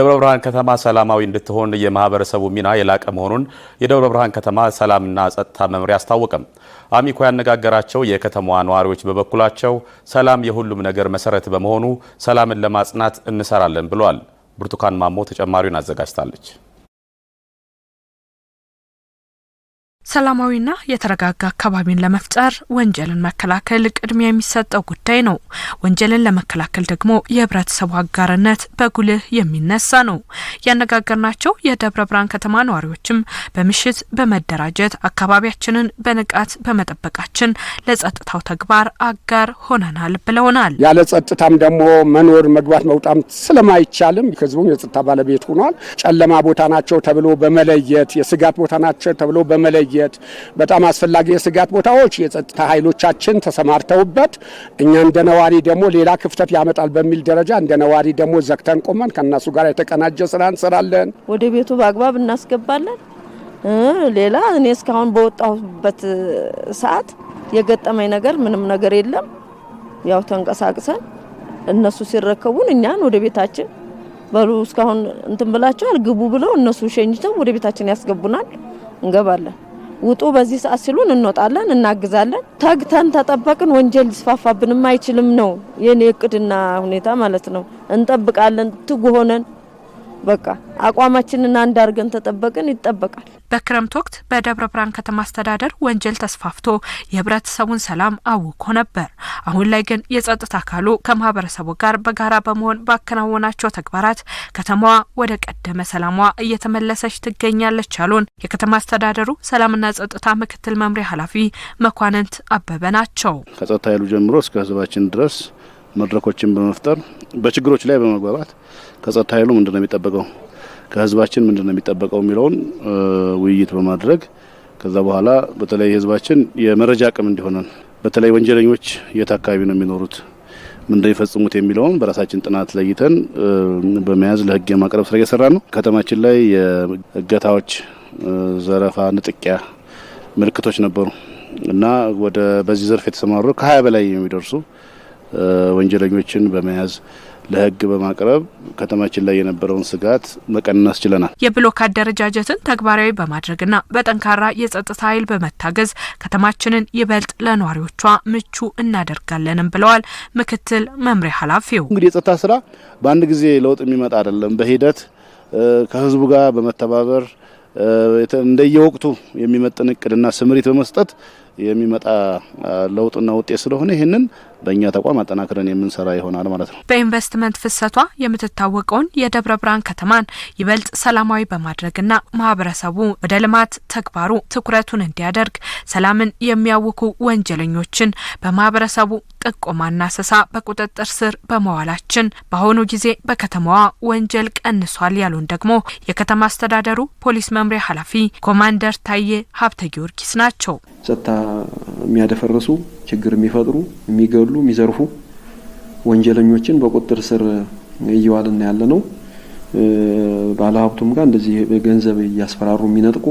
ደብረ ብርሃን ከተማ ሰላማዊ እንድትሆን የማህበረሰቡ ሚና የላቀ መሆኑን የደብረ ብርሃን ከተማ ሰላምና ጸጥታ መምሪያ አስታወቀም። አሚኮ ያነጋገራቸው የከተማዋ ነዋሪዎች በበኩላቸው ሰላም የሁሉም ነገር መሰረት በመሆኑ ሰላምን ለማጽናት እንሰራለን ብለዋል። ብርቱካን ማሞ ተጨማሪውን አዘጋጅታለች። ሰላማዊና የተረጋጋ አካባቢን ለመፍጠር ወንጀልን መከላከል ቅድሚያ የሚሰጠው ጉዳይ ነው። ወንጀልን ለመከላከል ደግሞ የህብረተሰቡ አጋርነት በጉልህ የሚነሳ ነው። ያነጋገርናቸው የደብረ ብርሃን ከተማ ነዋሪዎችም በምሽት በመደራጀት አካባቢያችንን በንቃት በመጠበቃችን ለጸጥታው ተግባር አጋር ሆነናል ብለውናል። ያለ ጸጥታም ደግሞ መኖር መግባት መውጣም ስለማይቻልም ህዝቡም የጸጥታ ባለቤት ሆኗል። ጨለማ ቦታ ናቸው ተብሎ በመለየት የስጋት ቦታ ናቸው ተብሎ በመለየት መለየት በጣም አስፈላጊ የስጋት ቦታዎች የጸጥታ ኃይሎቻችን ተሰማርተውበት እኛ እንደ ነዋሪ ደግሞ ሌላ ክፍተት ያመጣል በሚል ደረጃ እንደ ነዋሪ ደግሞ ዘግተን ቆመን ከእነሱ ጋር የተቀናጀ ስራ እንሰራለን። ወደ ቤቱ በአግባብ እናስገባለን። ሌላ እኔ እስካሁን በወጣሁበት ሰዓት የገጠመኝ ነገር ምንም ነገር የለም። ያው ተንቀሳቅሰን እነሱ ሲረከቡን እኛን ወደ ቤታችን በሉ እስካሁን እንትን ብላቸዋል ግቡ ብለው እነሱ ሸኝተው ወደ ቤታችን ያስገቡናል፣ እንገባለን። ውጡ በዚህ ሰዓት ሲሉን እንወጣለን፣ እናግዛለን። ተግተን ተጠበቅን ወንጀል ሊስፋፋብንም አይችልም ነው የኔ እቅድና ሁኔታ ማለት ነው። እንጠብቃለን ትጉ ሆነን በቃ አቋማችንን አንድ አድርገን ተጠበቅን ይጠበቃል። በክረምት ወቅት በደብረ ብርሃን ከተማ አስተዳደር ወንጀል ተስፋፍቶ የህብረተሰቡን ሰላም አውኮ ነበር። አሁን ላይ ግን የጸጥታ አካሉ ከማህበረሰቡ ጋር በጋራ በመሆን ባከናወናቸው ተግባራት ከተማዋ ወደ ቀደመ ሰላሟ እየተመለሰች ትገኛለች አሉን የከተማ አስተዳደሩ ሰላምና ጸጥታ ምክትል መምሪያ ኃላፊ መኳንንት አበበ ናቸው። ከጸጥታ ኃይሉ ጀምሮ እስከ ህዝባችን ድረስ መድረኮችን በመፍጠር በችግሮች ላይ በመግባባት ከጸጥታ ኃይሉ ምንድነው የሚጠበቀው ከህዝባችን ምንድን ነው የሚጠበቀው የሚለውን ውይይት በማድረግ ከዛ በኋላ በተለይ ህዝባችን የመረጃ አቅም እንዲሆነን በተለይ ወንጀለኞች የት አካባቢ ነው የሚኖሩት ምንድነው የፈጽሙት የሚለውን በራሳችን ጥናት ለይተን በመያዝ ለህግ የማቅረብ ስራ እየሰራ ነው። ከተማችን ላይ የእገታዎች፣ ዘረፋ፣ ንጥቂያ ምልክቶች ነበሩ እና ወደ በዚህ ዘርፍ የተሰማሩ ከሀያ በላይ የሚደርሱ ወንጀለኞችን በመያዝ ለህግ በማቅረብ ከተማችን ላይ የነበረውን ስጋት መቀነስ ችለናል። የብሎክ አደረጃጀትን ተግባራዊ በማድረግና በጠንካራ የጸጥታ ኃይል በመታገዝ ከተማችንን ይበልጥ ለነዋሪዎቿ ምቹ እናደርጋለንም ብለዋል ምክትል መምሪያ ኃላፊው። እንግዲህ የጸጥታ ስራ በአንድ ጊዜ ለውጥ የሚመጣ አይደለም። በሂደት ከህዝቡ ጋር በመተባበር እንደየወቅቱ የሚመጥን እቅድና ስምሪት በመስጠት የሚመጣ ለውጥና ውጤት ስለሆነ ይህንን በእኛ ተቋም አጠናክረን የምንሰራ ይሆናል ማለት ነው። በኢንቨስትመንት ፍሰቷ የምትታወቀውን የደብረ ብርሃን ከተማን ይበልጥ ሰላማዊ በማድረግና ማህበረሰቡ ወደ ልማት ተግባሩ ትኩረቱን እንዲያደርግ ሰላምን የሚያውኩ ወንጀለኞችን በማህበረሰቡ ጥቆማና ስሳ በቁጥጥር ስር በመዋላችን በአሁኑ ጊዜ በከተማዋ ወንጀል ቀንሷል ያሉን ደግሞ የከተማ አስተዳደሩ ፖሊስ መምሪያ ኃላፊ ኮማንደር ታዬ ሀብተ ጊዮርጊስ ናቸው። የሚያደፈርሱ፣ ችግር የሚፈጥሩ፣ የሚገሉ፣ የሚዘርፉ ወንጀለኞችን በቁጥር ስር እየዋልና ያለ ነው። ባለሀብቱም ጋር እንደዚህ ገንዘብ እያስፈራሩ የሚነጥቁ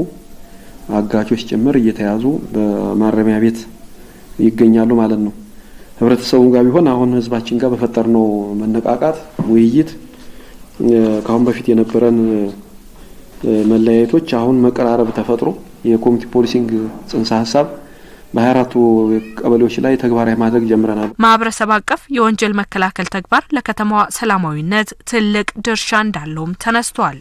አጋቾች ጭምር እየተያዙ በማረሚያ ቤት ይገኛሉ ማለት ነው። ህብረተሰቡ ጋር ቢሆን አሁን ህዝባችን ጋር በፈጠርነው መነቃቃት ውይይት ከአሁን በፊት የነበረን መለያየቶች አሁን መቀራረብ ተፈጥሮ የኮሚኒቲ ፖሊሲንግ ጽንሰ ሀሳብ በሀያ ቀበሌዎች ላይ ተግባራዊ ማድረግ ጀምረናል። ማህበረሰብ አቀፍ የወንጀል መከላከል ተግባር ለከተማዋ ሰላማዊነት ትልቅ ድርሻ እንዳለውም ተነስቷል።